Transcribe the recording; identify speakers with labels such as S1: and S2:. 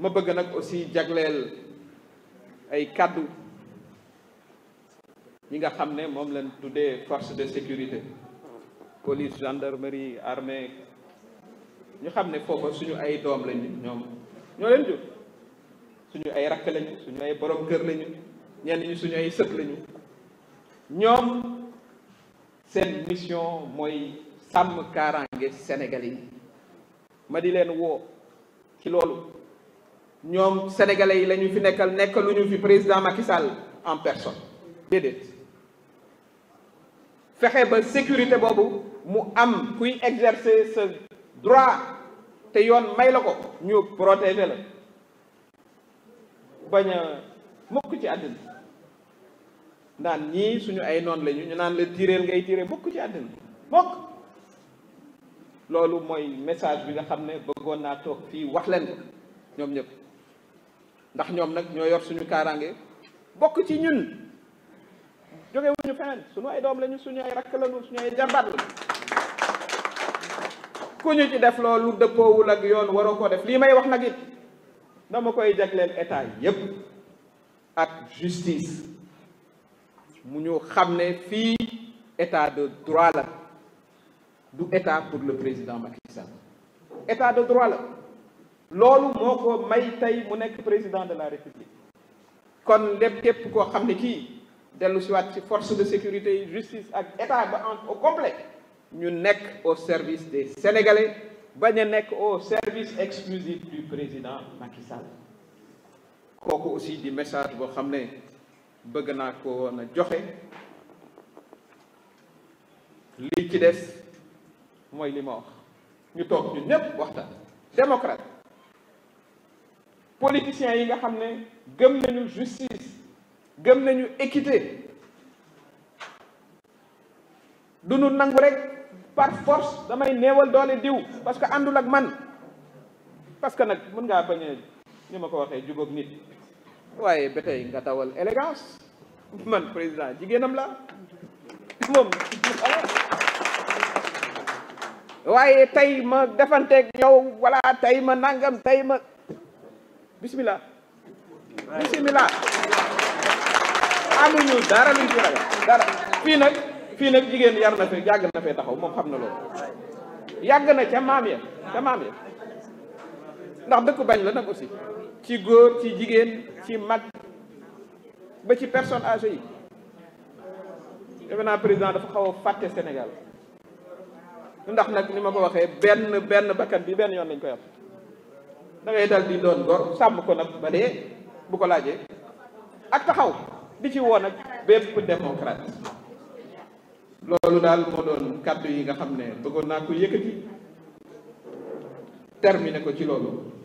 S1: ma bëgg nag aussi jagleel ay kàddu ñi nga xam ne moom lañ tuddee force de sécurité police gendarmerie armée ñu xam ne foofa suñu ay doom lañu ñoom ñoo leen jur suñu ay rakk lañu suñu ay borom gër lañu ñenn ñi suñu ay sët lañu ñoom seen mission mooy sàmm kaaraange Sénégal yi ma di leen woo ci loolu ñoom sénégalais yi lañu fi nekkal nekk lu ñu fi président Macky Sall en personne déedéet fexe ba sécurité boobu mu am kuy exercer sa droit te yoon may la ko ñu protéger la bañ a mukk ci àddina naan ñii suñu ay noon lañu ñu naan la tiréel ngay tiré mukk ci àddina mukk loolu mooy message bi nga xam ne bëggoon naa toog fii wax leen ko ñoom ñëpp ndax ñoom nag ñoo yor suñu kaaraange bokk ci ñun jóge wuñu feneen suñu ay doom lañu suñu ay rakk lañu suñu ay jarbaat ku ñu ci def loolu dëppoowul ak yoon waroo ko def lii may wax nag yi dama koy jagleel état yépp ak justice mu ñu xam ne fii état de droit la du état pour le président Macky état de droit la loolu moo ko may tey mu nekk président de la république kon lépp képp koo xam ne kii dellu siwaat ci force de sécurité justice ak état ba en au complet ñu nekk au service des sénégalais bañ a nekk au service exclusif du président Macky Sall kooku aussi di message boo xam ne bëgg naa ko woon a joxe li ci des mooy li ma wax ñu toog ñu ñépp waxtaan démocrate politiciens yi nga xam ne gëm nañu justice gëm nañu équité du ñu nangu rek par force damay néewal doole diw parce que àndul ak man parce que nag mën ngaa bañ a ma ko waxee jubóog nit waaye ba tey nga tawal élégance man président jigéenam la moom waaye tey ma defanteeg yow walaa tey ma nangam tey ma bisimilah bisimilah amuñu dara luñ ci ragal dara fii nag fii nag jigéen yar na fi yàgg na fee taxaw moom xam na loolu yàgg na ca maam ya ca maam ya ndax dëkk bañ la nag aussi ci góor ci jigéen ci mag ba ci personne âgée yi defe président dafa xaw a fàtte Sénégal ndax nag ni ma ko waxee benn benn bakkan bi benn yoon lañ koy am da ngay dal di doon gor sàmm ko nag ba dee bu ko laajee ak taxaw di ci woon ak bépp démocrate loolu daal moo doon kàddu yi nga xam ne bëggoon naa ko yëkkati terminer ko ci loolu